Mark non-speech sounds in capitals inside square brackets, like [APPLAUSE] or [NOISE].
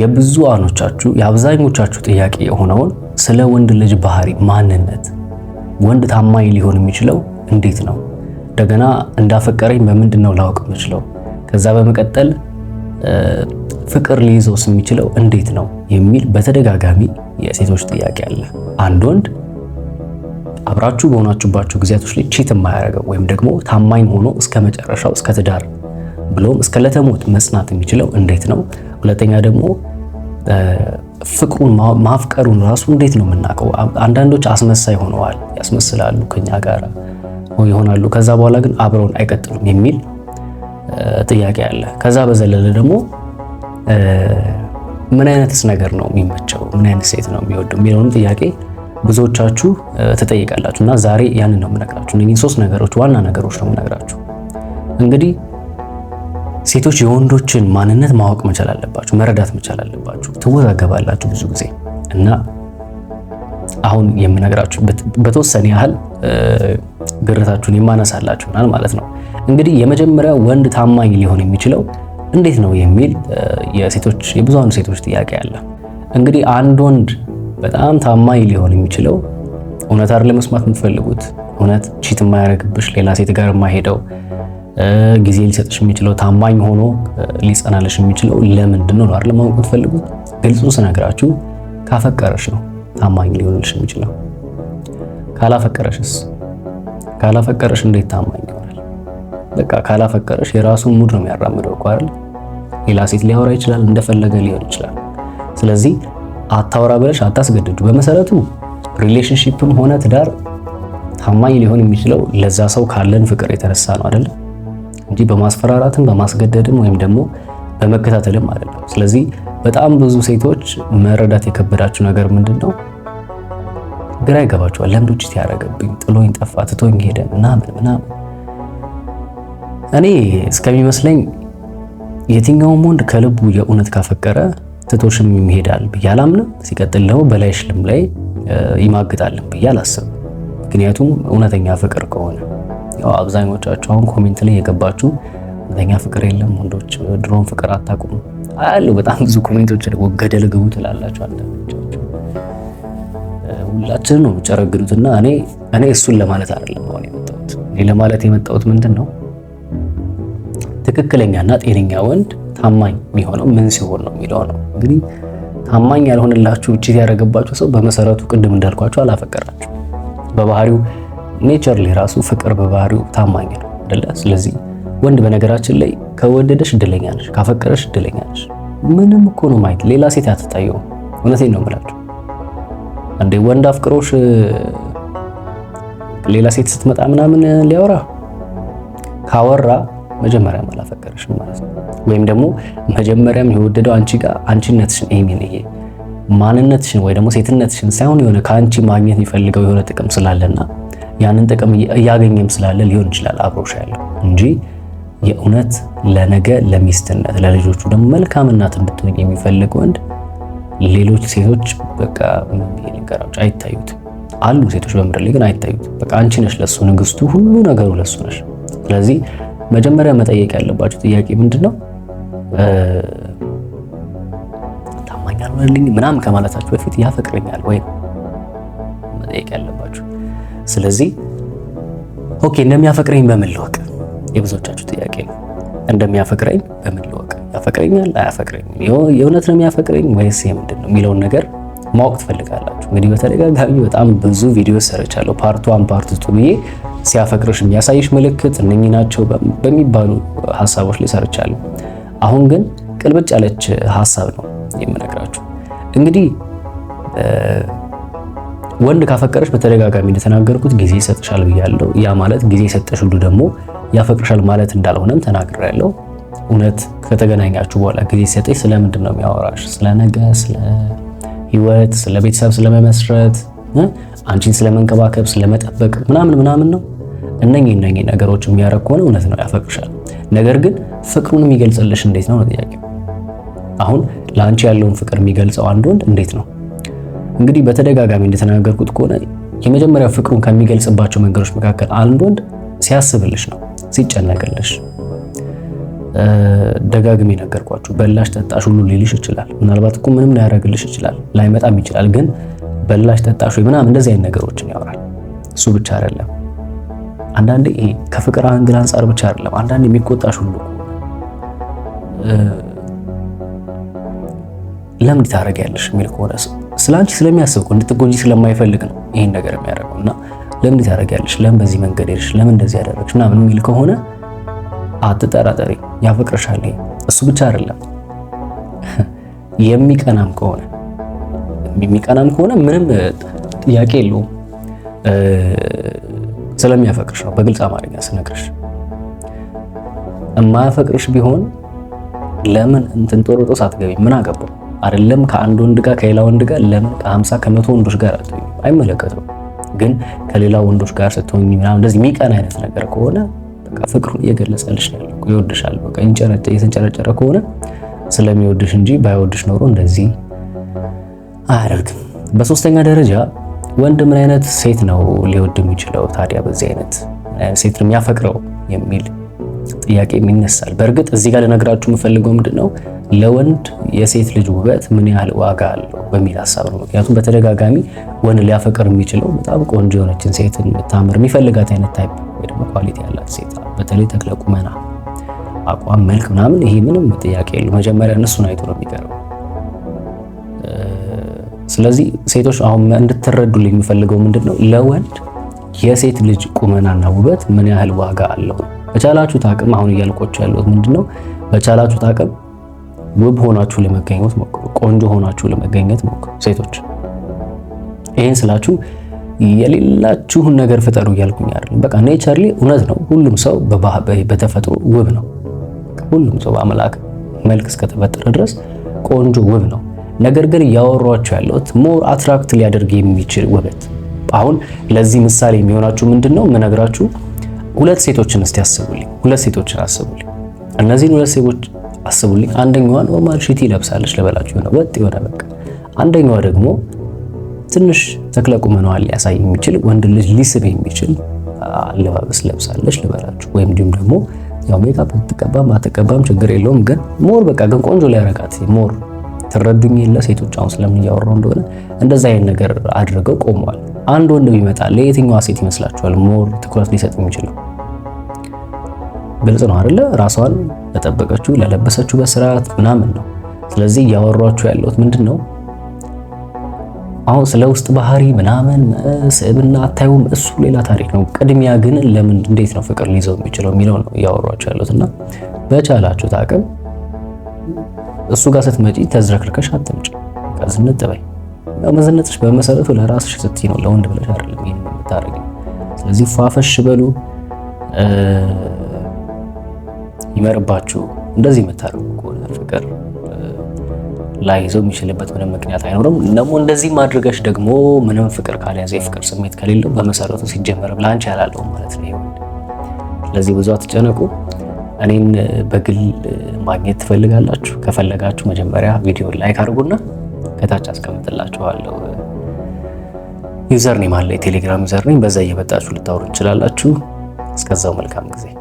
የብዙሃኖቻችሁ የአብዛኞቻችሁ ጥያቄ የሆነውን ስለ ወንድ ልጅ ባህሪ ማንነት፣ ወንድ ታማኝ ሊሆን የሚችለው እንዴት ነው? እንደገና እንዳፈቀረኝ በምንድን ነው ላውቅ የምችለው? ከዛ በመቀጠል ፍቅር ሊይዘውስ የሚችለው እንዴት ነው የሚል በተደጋጋሚ የሴቶች ጥያቄ አለ። አንድ ወንድ አብራችሁ በሆናችሁባቸው ጊዜያቶች ላይ ቺት የማያደርገው ወይም ደግሞ ታማኝ ሆኖ እስከ መጨረሻው እስከ ትዳር ብሎም እስከ ለተሞት መጽናት የሚችለው እንዴት ነው? ሁለተኛ ደግሞ ፍቅሩን ማፍቀሩን ራሱ እንዴት ነው የምናውቀው? አንዳንዶች አስመሳይ ሆነዋል፣ ያስመስላሉ፣ ከኛ ጋር ይሆናሉ፣ ከዛ በኋላ ግን አብረውን አይቀጥሉም የሚል ጥያቄ አለ። ከዛ በዘለለ ደግሞ ምን አይነትስ ነገር ነው የሚመቸው፣ ምን አይነት ሴት ነው የሚወደው የሚለውንም ጥያቄ ብዙዎቻችሁ ትጠይቃላችሁ። እና ዛሬ ያንን ነው የምነግራችሁ። እነዚህ ሶስት ነገሮች ዋና ነገሮች ነው የምነግራችሁ እንግዲህ ሴቶች የወንዶችን ማንነት ማወቅ መቻል አለባችሁ፣ መረዳት መቻል አለባችሁ። ትወዛገባላችሁ ብዙ ጊዜ እና አሁን የምነግራችሁ በተወሰነ ያህል ግርታችሁን የማነሳላችሁ ይሆናል ማለት ነው። እንግዲህ የመጀመሪያ ወንድ ታማኝ ሊሆን የሚችለው እንዴት ነው የሚል የሴቶች የብዙሃኑ ሴቶች ጥያቄ አለ። እንግዲህ አንድ ወንድ በጣም ታማኝ ሊሆን የሚችለው እውነት አይደል ለመስማት የምትፈልጉት እውነት ቺት የማያደርግብሽ ሌላ ሴት ጋር የማይሄደው ጊዜ ሊሰጥሽ የሚችለው ታማኝ ሆኖ ሊጸናልሽ የሚችለው ለምንድን ነው አይደል? ማወቅ ትፈልጉት? ግልጹን ስነግራችሁ ካፈቀረሽ ነው ታማኝ ሊሆንልሽ የሚችለው። ካላፈቀረሽስ? ካላፈቀረሽ እንዴት ታማኝ ይሆናል? በቃ ካላፈቀረሽ የራሱን ሙድ ነው የሚያራምደው እኮ አይደል? ሌላ ሴት ሊያወራ ይችላል፣ እንደፈለገ ሊሆን ይችላል። ስለዚህ አታወራ ብለሽ አታስገድዱ። በመሰረቱ ሪሌሽንሺፕም ሆነ ትዳር ታማኝ ሊሆን የሚችለው ለዛ ሰው ካለን ፍቅር የተነሳ ነው አይደል? እንጂ በማስፈራራትም በማስገደድም ወይም ደግሞ በመከታተልም አይደለም። ስለዚህ በጣም ብዙ ሴቶች መረዳት የከበዳችሁ ነገር ምንድን ነው? ግራ ይገባቸዋል። ለምዶች ያደረገብኝ ጥሎኝ ጠፋ፣ ትቶኝ ሄደ ምናምን ምናምን። እኔ እስከሚመስለኝ የትኛውም ወንድ ከልቡ የእውነት ካፈቀረ ትቶሽም ይሄዳል ብዬ አላምንም። ሲቀጥል ደግሞ በላይሽልም ላይ ይማግጣልም ብዬ አላስብም። ምክንያቱም እውነተኛ ፍቅር ከሆነ ያው አብዛኞቻችሁ አሁን ኮሜንት ላይ የገባችሁ እውነተኛ ፍቅር የለም ወንዶች ድሮን ፍቅር አታቁም አያሉ በጣም ብዙ ኮሜንቶች ገደል ግቡ ትላላችሁ። አንዳንዶቻችሁ ነው የምጨረግዱትና እኔ እኔ እሱን ለማለት አይደለም አሁን የመጣሁት። እኔ ለማለት የመጣሁት ምንድን ነው ትክክለኛና ጤነኛ ወንድ ታማኝ የሚሆነው ምን ሲሆን ነው የሚለው ነው። እንግዲህ ታማኝ ያልሆነላችሁ እቺት ያደረገባችሁ ሰው በመሰረቱ ቅድም እንዳልኳችሁ አላፈቀራችሁ በባህሪው ኔቸር ላይ ራሱ ፍቅር በባህሪው ታማኝ ነው አይደለ? ስለዚህ ወንድ በነገራችን ላይ ከወደደሽ እድለኛ ነሽ፣ ካፈቀረሽ እድለኛ ነሽ። ምንም እኮ ነው ማየት ሌላ ሴት አትታየውም። እውነቴን ነው የምላችሁ። አንዴ ወንድ አፍቅሮሽ ሌላ ሴት ስትመጣ ምናምን ሊያወራ ካወራ መጀመሪያም አላፈቀረሽም ማለት ነው። ወይም ደግሞ መጀመሪያም የወደደው አንቺ ጋር አንቺነትሽን ኤሚን ይሄ ማንነትሽን ወይ ደግሞ ሴትነትሽን ሳይሆን የሆነ ከአንቺ ማግኘት የሚፈልገው የሆነ ጥቅም ስላለና ያንን ጥቅም እያገኘም ስላለ ሊሆን ይችላል አብሮሽ ያለው እንጂ የእውነት ለነገ ለሚስትነት ለልጆቹ ደግሞ መልካም እናት እንድትሆኝ የሚፈልግ ወንድ ሌሎች ሴቶች በቃ ነገራቸው አሉ ሴቶች በምድር ላይ ግን አይታዩትም። በቃ አንቺ ነሽ ለሱ ንግስቱ፣ ሁሉ ነገሩ ለሱ ነሽ። ስለዚህ መጀመሪያ መጠየቅ ያለባቸው ጥያቄ ምንድን ነው? ታማኝ አልሆነልኝ ምናምን ከማለታችሁ በፊት ያፈቅረኛል ወይ መጠየቅ ያለባችሁ ስለዚህ ኦኬ እንደሚያፈቅረኝ በምን ልወቅ? የብዙዎቻችሁ ጥያቄ ነው። እንደሚያፈቅረኝ በምን ልወቅ? ያፈቅረኛል? አያፈቅረኝም? የእውነት ነው የሚያፈቅረኝ ወይስ ምንድን ነው የሚለውን ነገር ማወቅ ትፈልጋላችሁ። እንግዲህ በተደጋጋሚ በጣም ብዙ ቪዲዮ ሰርቻለሁ። ፓርት ዋን ፓርቱ ቱ ብዬ ሲያፈቅርሽ የሚያሳይሽ ምልክት እነኚህ ናቸው በሚባሉ ሀሳቦች ላይ ሰርቻለሁ። አሁን ግን ቅልብጭ ያለች ሀሳብ ነው የምነግራችሁ እንግዲህ ወንድ ካፈቀረሽ በተደጋጋሚ እንደተናገርኩት ጊዜ ይሰጥሻል ብያለሁ። ያ ማለት ጊዜ የሰጠሽ ሁሉ ደግሞ ያፈቅርሻል ማለት እንዳልሆነም ተናግሬያለሁ። እውነት ከተገናኛችሁ በኋላ ጊዜ ሲሰጥሽ ስለምንድን ነው የሚያወራሽ? ስለ ነገ፣ ስለ ህይወት፣ ስለ ቤተሰብ ስለመመስረት፣ አንቺን ስለመንከባከብ፣ ስለመጠበቅ ምናምን ምናምን ነው። እነኚህ እነኚህ ነገሮች የሚያደርግ ከሆነ እውነት ነው ያፈቅርሻል። ነገር ግን ፍቅሩን የሚገልጽልሽ እንዴት ነው ነው ጥያቄ አሁን ለአንቺ ያለውን ፍቅር የሚገልጸው አንድ ወንድ እንዴት ነው? እንግዲህ በተደጋጋሚ እንደተናገርኩት ከሆነ የመጀመሪያ ፍቅሩን ከሚገልጽባቸው መንገዶች መካከል አንድ ወንድ ሲያስብልሽ ነው፣ ሲጨነቅልሽ። ደጋግሜ ነገርኳችሁ፣ በላሽ ጠጣሽ ሁሉ ሊልሽ ይችላል። ምናልባት እኮ ምንም ላያደርግልሽ ይችላል፣ ላይመጣም ይችላል። ግን በላሽ ጠጣሽ ወይ ምናምን እንደዚህ አይነት ነገሮችን ያወራል። እሱ ብቻ አይደለም፣ አንዳንዴ ይሄ ከፍቅር አንግል አንጻር ብቻ አይደለም፣ አንዳንዴ የሚቆጣሽ ሁሉ ለምን ታደርጊያለሽ የሚል ከሆነ ሰው ስለ አንቺ ስለሚያስብ እኮ እንድትጎጂ ስለማይፈልግ ነው ይሄን ነገር የሚያደርገው። እና ለምን ታደርጊያለሽ? ለምን በዚህ መንገድ ሄድሽ? ለምን እንደዚህ ያደረግሽ? ምናምን የሚል ከሆነ አትጠራጠሪ፣ ያፈቅርሻል። እሱ ብቻ አይደለም [LAUGHS] የሚቀናም ከሆነ የሚቀናም ከሆነ ምንም ጥያቄ የለውም ስለሚያፈቅርሽ ነው። በግልጽ አማርኛ ስነግርሽ የማያፈቅርሽ ቢሆን ለምን እንትን ሳትገቢ አትገቢ? ምን አገባው? አይደለም ከአንድ ወንድ ጋር ከሌላ ወንድ ጋር ለምን ከ50 ከመቶ ወንዶች ጋር አትሆኝ ግን ከሌላ ወንዶች ጋር ስትሆኝ ምናምን እንደዚህ የሚቀን አይነት ነገር ከሆነ በቃ ፍቅሩን እየገለጸልሽ ነው ያለው ይወድሻል። በቃ እየተንጨረጨረ ከሆነ ስለሚወድሽ እንጂ ባይወድሽ ኖሮ እንደዚህ አያደርግም። በሶስተኛ ደረጃ ወንድ ምን አይነት ሴት ነው ሊወድ የሚችለው ታዲያ? በዚህ አይነት ሴት የሚያፈቅረው የሚል ጥያቄ ይነሳል። በእርግጥ እዚህ ጋር ልነግራችሁ የምፈልገው ምንድን ነው ለወንድ የሴት ልጅ ውበት ምን ያህል ዋጋ አለው በሚል ሀሳብ ነው። ምክንያቱም በተደጋጋሚ ወንድ ሊያፈቅር የሚችለው በጣም ቆንጆ የሆነችን ሴት የምታምር የሚፈልጋት አይነት ታይፕ ወይ ደግሞ ኳሊቲ ያላት ሴት በተለይ ተክለ ቁመና፣ አቋም፣ መልክ ምናምን ይሄ ምንም ጥያቄ የለው። መጀመሪያ እነሱን አይቶ ነው የሚቀርበው። ስለዚህ ሴቶች አሁን እንድትረዱልኝ የሚፈልገው ምንድን ነው ለወንድ የሴት ልጅ ቁመናና ውበት ምን ያህል ዋጋ አለው። በቻላችሁት አቅም አሁን እያልቆች ያለሁት ምንድነው በቻላችሁት አቅም ውብ ሆናችሁ ለመገኘት ሞክሩ። ቆንጆ ሆናችሁ ለመገኘት ሞክሩ። ሴቶች ይህን ስላችሁ የሌላችሁን ነገር ፍጠሩ እያልኩኝ አይደለም። በቃ ኔቸርሊ እውነት ነው፣ ሁሉም ሰው በተፈጥሮ ውብ ነው። ሁሉም ሰው በአምላክ መልክ እስከተፈጠረ ድረስ ቆንጆ ውብ ነው። ነገር ግን እያወሯቸው ያለሁት ሞር አትራክት ሊያደርግ የሚችል ውበት። አሁን ለዚህ ምሳሌ የሚሆናችሁ ምንድን ነው የምነግራችሁ? ሁለት ሴቶችን እስቲ አስቡልኝ። ሁለት ሴቶችን አስቡልኝ። እነዚህን ሁለት ሴቶች አስቡልኝ። አንደኛዋ ኖርማል ሽቲ ለብሳለች ልበላችሁ ነው፣ ወጥ የሆነ በቃ። አንደኛዋ ደግሞ ትንሽ ተክለ ቁመናዋን ሊያሳይ የሚችል ወንድ ልጅ ሊስብ የሚችል አለባበስ ለብሳለች ልበላችሁ። ወይም እንዲሁም ደግሞ ያው ሜካፕ ብትቀባም አትቀባም ችግር የለውም፣ ግን ሞር በቃ ግን ቆንጆ ሊያረጋት ሞር ትረዱኝ የለ ሴቶች አሁን ስለምን እያወራሁ እንደሆነ እንደዛ አይነት ነገር አድርገው ቆመዋል። አንድ ወንድ ቢመጣ ለየትኛዋ ሴት ይመስላችኋል ሞር ትኩረት ሊሰጥ የሚችለው? ግልጽ ነው አይደለ? ራሷን ለጠበቀችው ለለበሰችው በስርዓት ምናምን ነው። ስለዚህ እያወሯችሁ ያለሁት ምንድን ነው አሁን ስለ ውስጥ ባህሪ ምናምን ስዕብና አታዩም፣ እሱ ሌላ ታሪክ ነው። ቅድሚያ ግን ለምን እንዴት ነው ፍቅር ሊይዘው የሚችለው የሚለው ነው እያወሯችሁ ያለሁት እና በቻላችሁት አቅም እሱ ጋር ስትመጪ ተዝረክርከሽ አትምጪ። ዝንጥ በይ። መዝነጥሽ በመሰረቱ ለራስሽ ስትይ ነው፣ ለወንድ ብለሽ አይደለም ይሄን የምታደርጊው። ስለዚህ ፏፈሽ በሉ። ይመርባችሁ። እንደዚህ የምታደርጉ ከሆነ ፍቅር ላይዘው የሚችልበት ምንም ምክንያት አይኖርም። ደግሞ እንደዚህ ማድረገች ደግሞ ምንም ፍቅር ካልያዘ የፍቅር ስሜት ከሌለው በመሰረቱ ሲጀመርም ለአንቺ ያላለው ማለት ነው። ስለዚህ ብዙ አትጨነቁ። እኔን በግል ማግኘት ትፈልጋላችሁ? ከፈለጋችሁ መጀመሪያ ቪዲዮ ላይክ አድርጉና ከታች አስቀምጥላችኋለሁ። ዩዘር ኔም አለ፣ የቴሌግራም ዩዘር ኔም። በዛ እየመጣችሁ ልታወሩ ትችላላችሁ። እስከዛው መልካም ጊዜ